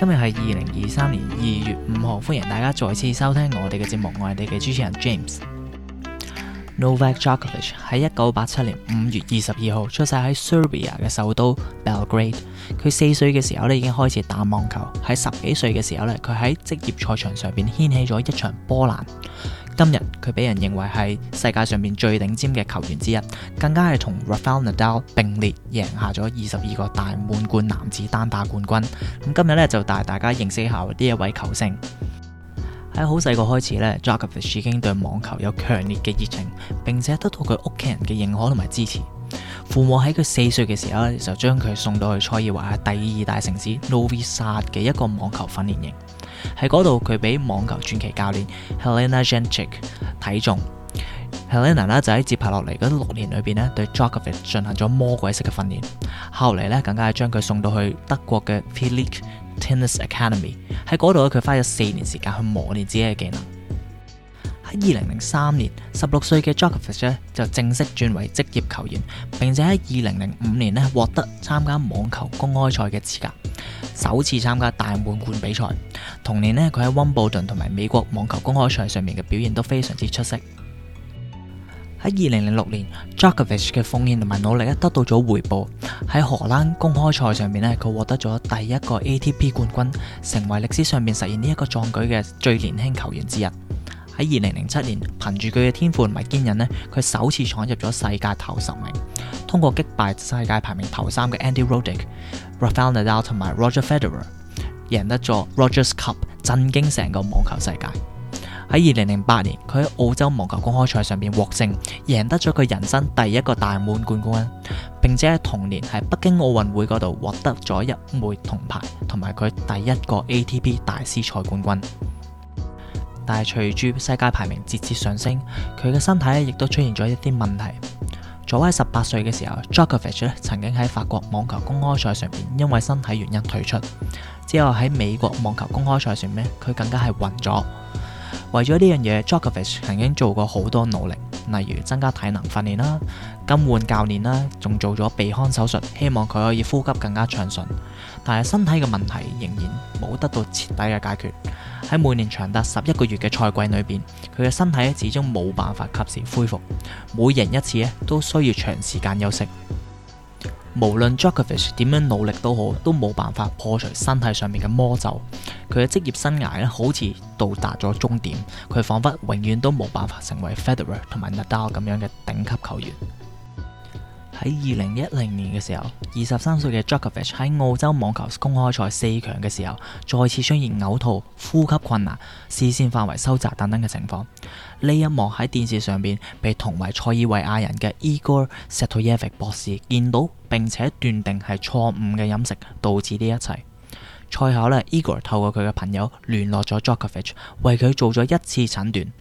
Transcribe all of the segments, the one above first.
今日係二零二三年二月五號，歡迎大家再次收聽我哋嘅節目，我係你嘅主持人 James。Novak Djokovic、ok、喺一九八七年五月二十二號出世喺 Serbia 嘅首都 Belgrade。佢四歲嘅時候咧，已經開始打網球，喺十幾歲嘅時候咧，佢喺職業賽場上邊掀起咗一場波瀾。今日佢俾人認為係世界上面最頂尖嘅球員之一，更加係同 Rafael Nadal 並列贏下咗二十二個大滿貫男子單打冠軍。咁今日咧，就帶大家認識下呢一位球星。喺好細個開始咧，Djokovic 已經對網球有強烈嘅熱情，並且得到佢屋企人嘅認可同埋支持。父母喺佢四歲嘅時候咧，就將佢送到去塞爾維亞第二大城市 Novi Sad 嘅一個網球訓練營。喺嗰度，佢俾網球傳奇教練 Helena Gencic 睇中。Helena 咧就喺接下落嚟嗰六年裏邊呢對 Djokovic 進行咗魔鬼式嘅訓練。後嚟呢，更加將佢送到去德國嘅 Philipp Tennis Academy 喺嗰度咧，佢花咗四年時間去磨練自己嘅技能。喺二零零三年，十六歲嘅 Djokovic 咧就正式轉為職業球員，並且喺二零零五年咧獲得參加網球公開賽嘅資格，首次參加大滿貫比賽。同年咧，佢喺溫布頓同埋美國網球公開賽上面嘅表現都非常之出色。喺二零零六年 Djokovic 嘅奉獻同埋努力啊，得到咗回報。喺荷蘭公開賽上面咧，佢獲得咗第一個 ATP 冠軍，成為歷史上面實現呢一個壯舉嘅最年輕球員之一。喺二零零七年，憑住佢嘅天賦同埋堅韌咧，佢首次闖入咗世界頭十名，通過擊敗世界排名頭三嘅 Andy Roddick、Rafael Nadal 同埋 Roger Federer，贏得咗 Rogers Cup，震驚成個網球世界。喺二零零八年，佢喺澳洲網球公開賽上面獲勝，贏得咗佢人生第一個大滿貫冠軍，並且喺同年喺北京奧運會嗰度獲得咗一枚銅牌，同埋佢第一個 ATP 大師賽冠軍。但係隨住世界排名節節上升，佢嘅身體亦都出現咗一啲問題。早喺十八歲嘅時候，Djokovic、ok、咧曾經喺法國網球公開賽上面因為身體原因退出，之後喺美國網球公開賽上面，佢更加係暈咗。為咗呢樣嘢，Djokovic 曾經做過好多努力，例如增加體能訓練啦、更換教練啦，仲做咗鼻腔手術，希望佢可以呼吸更加暢順。但係身體嘅問題仍然冇得到徹底嘅解決。喺每年長達十一個月嘅賽季裏邊，佢嘅身體始終冇辦法及時恢復，每贏一次咧都需要長時間休息。無論 Djokovic 點樣努力都好，都冇辦法破除身體上面嘅魔咒。佢嘅職業生涯咧，好似到達咗終點，佢仿佛永遠都冇辦法成為 Federer 同埋 Nadal 咁樣嘅頂級球員。喺二零一零年嘅時候，二十三歲嘅 Djokovic 喺澳洲網球公開賽四強嘅時候，再次出現嘔吐、呼吸困難、視線範圍收窄等等嘅情況。呢一幕喺電視上邊被同為塞爾維亞人嘅 Igor Satojevic 博士見到，並且斷定係錯誤嘅飲食導致呢一切。賽後咧，伊格羅透過佢嘅朋友聯絡咗 Jokovic，為佢做咗一次診斷。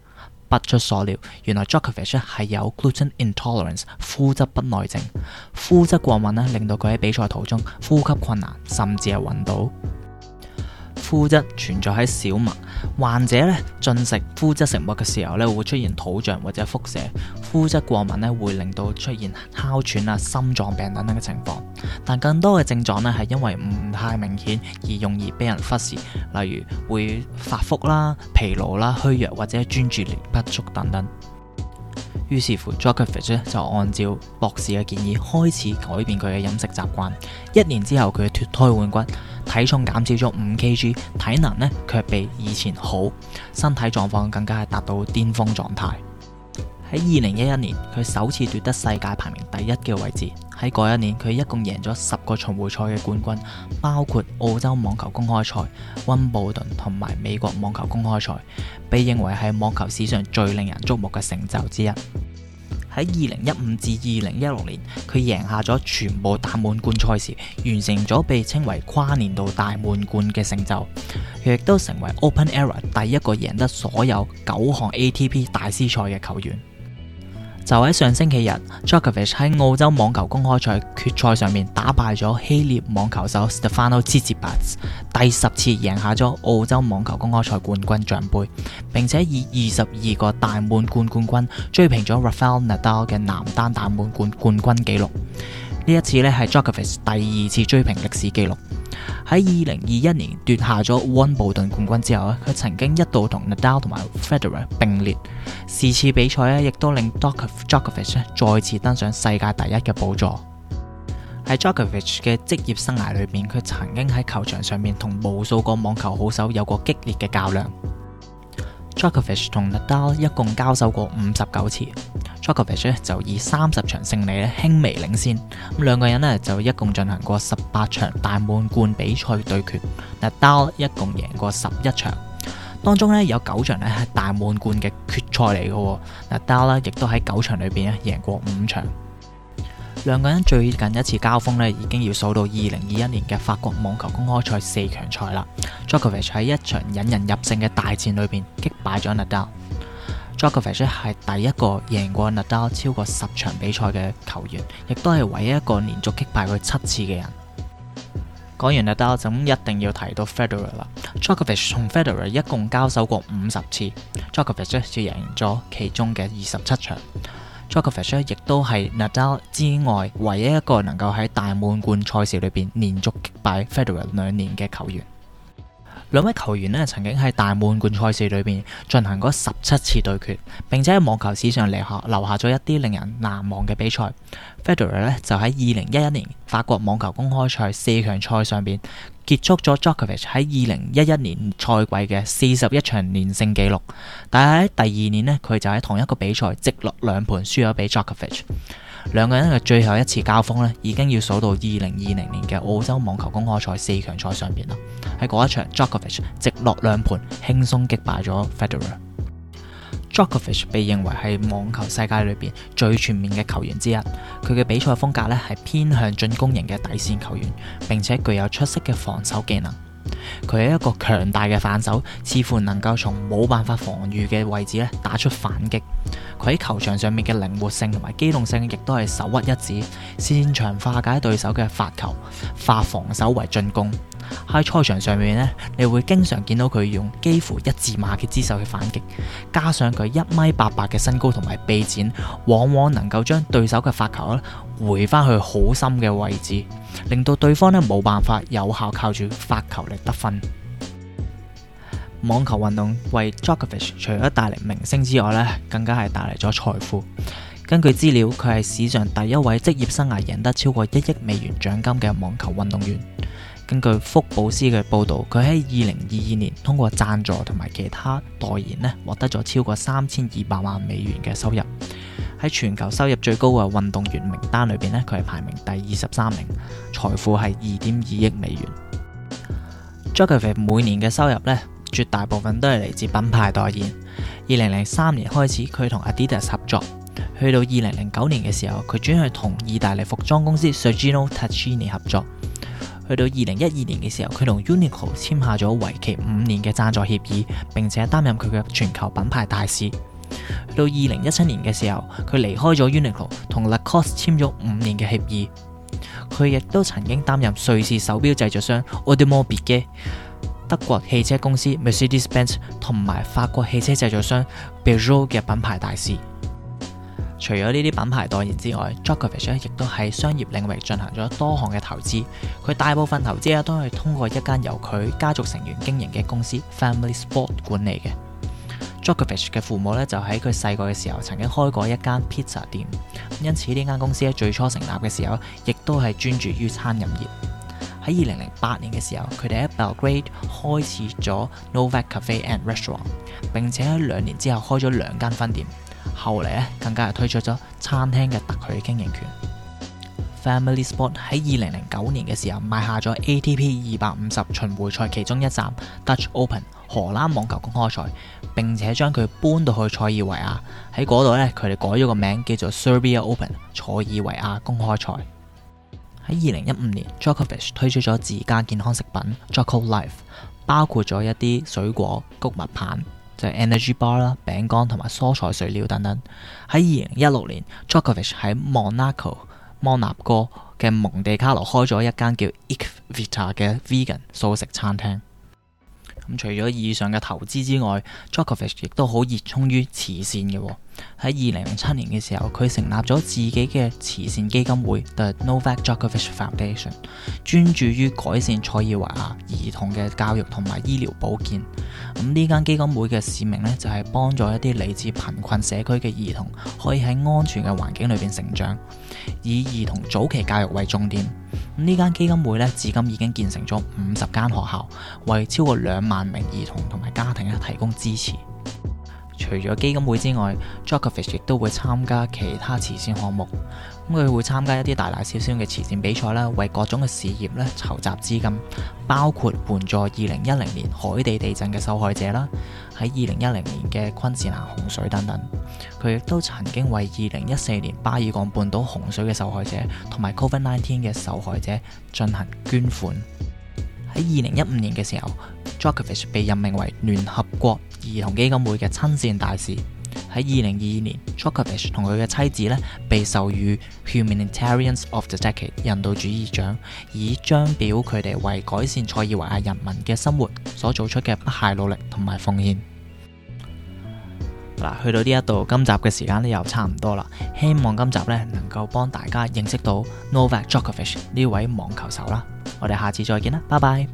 不出所料，原來 Jokovic 係有 gluten intolerance 麩質不耐症。麩質過敏咧，令到佢喺比賽途中呼吸困難，甚至係暈倒。麩質存在喺小麥，患者，咧進食麩質食物嘅時候咧，會出現肚脹或者腹瀉。膚質過敏咧，會令到出現哮喘啊、心臟病等等嘅情況。但更多嘅症狀咧，係因為唔太明顯而容易俾人忽視，例如會發福啦、疲勞啦、虛弱或者專注力不足等等。於是乎 Djokovic 就按照博士嘅建議，開始改變佢嘅飲食習慣。一年之後，佢脫胎換骨，體重減少咗五 Kg，體能呢卻比以前好，身體狀況更加係達到巔峰狀態。喺二零一一年，佢首次奪得世界排名第一嘅位置。喺嗰一年，佢一共贏咗十個巡迴賽嘅冠軍，包括澳洲網球公開賽、溫布頓同埋美國網球公開賽，被認為係網球史上最令人矚目嘅成就之一。喺二零一五至二零一六年，佢贏下咗全部大滿貫賽事，完成咗被稱為跨年度大滿貫嘅成就，亦都成為 Open Era 第一個贏得所有九項 ATP 大師賽嘅球員。就喺上星期日，Djokovic 喺澳洲網球公開賽決賽上面打敗咗希臘網球手 Stefanos Tsitsipas，第十次贏下咗澳洲網球公開賽冠軍獎杯，並且以二十二個大滿貫冠，冠軍追平咗 Rafael Nadal 嘅男單大滿貫冠，冠軍紀錄。呢一次呢，係 Djokovic 第二次追平歷史紀錄。喺二零二一年奪下咗溫布頓冠軍之後咧，佢曾經一度同 Nadal 同埋 Federer 並列。是次比賽咧，亦都令 Djokovic 再次登上世界第一嘅寶座。喺 Djokovic 嘅職業生涯裏面，佢曾經喺球場上面同無數個網球好手有過激烈嘅較量。祖高域同 Nadal 一共交手過五十九次。祖高域就以三十場勝利咧輕微領先。咁兩個人咧就一共進行過十八場大滿貫比賽對決，Nadal 一共贏過十一場，當中咧有九場咧係大滿貫嘅決賽嚟嘅。Nadal 亦都喺九場裏邊咧贏過五場。兩個人最近一次交鋒呢，已經要數到二零二一年嘅法國網球公開賽四強賽啦。Djokovic 喺一場引人入勝嘅大戰裏邊擊敗咗 Nadal。Djokovic 係第一個贏過 Nadal 超過十場比賽嘅球員，亦都係唯一一個連續擊敗佢七次嘅人。講完 Nadal，就咁一定要提到 Federer 啦。Djokovic 同 Federer 一共交手過五十次，Djokovic 只贏咗其中嘅二十七場。Djokovic 亦都係 Nadal 之外唯一一個能夠喺大滿貫賽事裏面連續擊敗 Federer 兩年嘅球員。兩位球員咧曾經喺大滿貫賽事裏邊進行過十七次對決，並且喺網球史上留下留下咗一啲令人難忘嘅比賽。Federer 咧就喺二零一一年法國網球公開賽四強賽上邊結束咗 Djokovic 喺二零一一年賽季嘅四十一場連勝紀錄，但喺第二年咧佢就喺同一個比賽直落兩盤輸咗俾 Djokovic。兩個人嘅最後一次交鋒咧，已經要數到二零二零年嘅澳洲網球公開賽四強賽上邊啦。喺嗰一場，Djokovic、ok、直落兩盤輕鬆擊敗咗 Federer。Djokovic、ok、被認為係網球世界裏邊最全面嘅球員之一。佢嘅比賽風格咧係偏向進攻型嘅底線球員，並且具有出色嘅防守技能。佢有一個強大嘅反手，似乎能夠從冇辦法防禦嘅位置咧打出反擊。佢喺球場上面嘅靈活性同埋機動性亦都係首屈一指，擅長化解對手嘅發球，化防守為進攻。喺賽場上面呢，你會經常見到佢用幾乎一字馬嘅姿勢去反擊，加上佢一米八八嘅身高同埋臂展，往往能夠將對手嘅發球咧回翻去好深嘅位置，令到對方咧冇辦法有效靠住發球嚟得分。網球運動為 Djokovic 除咗帶嚟明星之外咧，更加係帶嚟咗財富。根據資料，佢係史上第一位職業生涯贏得超過一億美元獎金嘅網球運動員。根據福布斯嘅報道，佢喺二零二二年通過贊助同埋其他代言咧，獲得咗超過三千二百萬美元嘅收入。喺全球收入最高嘅運動員名單裏邊咧，佢係排名第二十三名，財富係二點二億美元。Djokovic 每年嘅收入咧。絕大部分都係嚟自品牌代言。二零零三年開始，佢同 Adidas 合作，去到二零零九年嘅時候，佢轉去同意大利服裝公司 Sergio Tacchini 合作。去到二零一二年嘅時候，佢同 Uniqlo 簽下咗為期五年嘅贊助協議，並且擔任佢嘅全球品牌大使。去到二零一七年嘅時候，佢離開咗 Uniqlo，同 Lacoste 簽咗五年嘅協議。佢亦都曾經擔任瑞士手錶製作商 Audemars Piguet 嘅。德國汽車公司 Mercedes-Benz 同埋法國汽車製造商 Peugeot 嘅品牌大使。除咗呢啲品牌代言之外，Djokovic 亦都喺商業領域進行咗多項嘅投資。佢大部分投資咧都係通過一間由佢家族成員經營嘅公司 Family Sport 管理嘅。Djokovic 嘅父母咧就喺佢細個嘅時候曾經開過一間披薩店，因此呢間公司咧最初成立嘅時候，亦都係專注於餐飲業。喺二零零八年嘅時候，佢哋喺 Belgrade 開設咗 Novak Cafe and Restaurant，並且喺兩年之後開咗兩間分店。後嚟咧，更加係推出咗餐廳嘅特許經營權。Family Sport 喺二零零九年嘅時候賣下咗 ATP 二百五十巡迴賽其中一站 Dutch Open 荷蘭網球公開賽，並且將佢搬到去塞爾維亞，喺嗰度咧，佢哋改咗個名叫做 Serbia Open 塞爾維亞公開賽。喺二零一五年，Djokovic、ok、推出咗自家健康食品 Djoko Life，包括咗一啲水果、谷物棒，就係、是、energy bar 啦、啊、餅乾同埋蔬菜碎料等等。喺二零一六年，Djokovic 喺 Monaco（ 摩納哥）嘅、ok、蒙地卡羅開咗一間叫 Eqvita 嘅 vegan 素食餐廳。咁、嗯、除咗以上嘅投資之外，Djokovic、ok、亦都好熱衷於慈善嘅喎、哦。喺二零零七年嘅時候，佢成立咗自己嘅慈善基金會，就係 The Novak Djokovic、ok、Foundation，專注於改善塞爾維亞兒、兒童嘅教育同埋醫療保健。咁、嗯、呢間基金會嘅使命呢，就係、是、幫助一啲嚟自貧困社區嘅兒童，可以喺安全嘅環境裏邊成長，以兒童早期教育為重點。呢、嗯、間基金會呢，至今已經建成咗五十間學校，為超過兩萬名兒童同埋家庭咧提供支持。除咗基金會之外，Djokovic 亦都會參加其他慈善項目。咁佢會參加一啲大大小小嘅慈善比賽啦，為各種嘅事業咧籌集資金，包括援助二零一零年海地地震嘅受害者啦，喺二零一零年嘅昆士蘭洪水等等。佢亦都曾經為二零一四年巴爾幹半島洪水嘅受害者同埋 Covid-19 嘅受害者進行捐款。喺二零一五年嘅時候，Djokovic、ok、被任命為聯合國兒童基金會嘅親善大使。喺二零二二年，Djokovic、ok、同佢嘅妻子咧被授予 Humanitarians of the Decade 人道主義獎，以彰表佢哋為改善塞爾維亞人民嘅生活所做出嘅不懈努力同埋奉獻。嗱，去到呢一度，今集嘅時間咧又差唔多啦。希望今集咧能夠幫大家認識到 Novak Djokovic 呢位網球手啦。我哋下次再見啦，拜拜。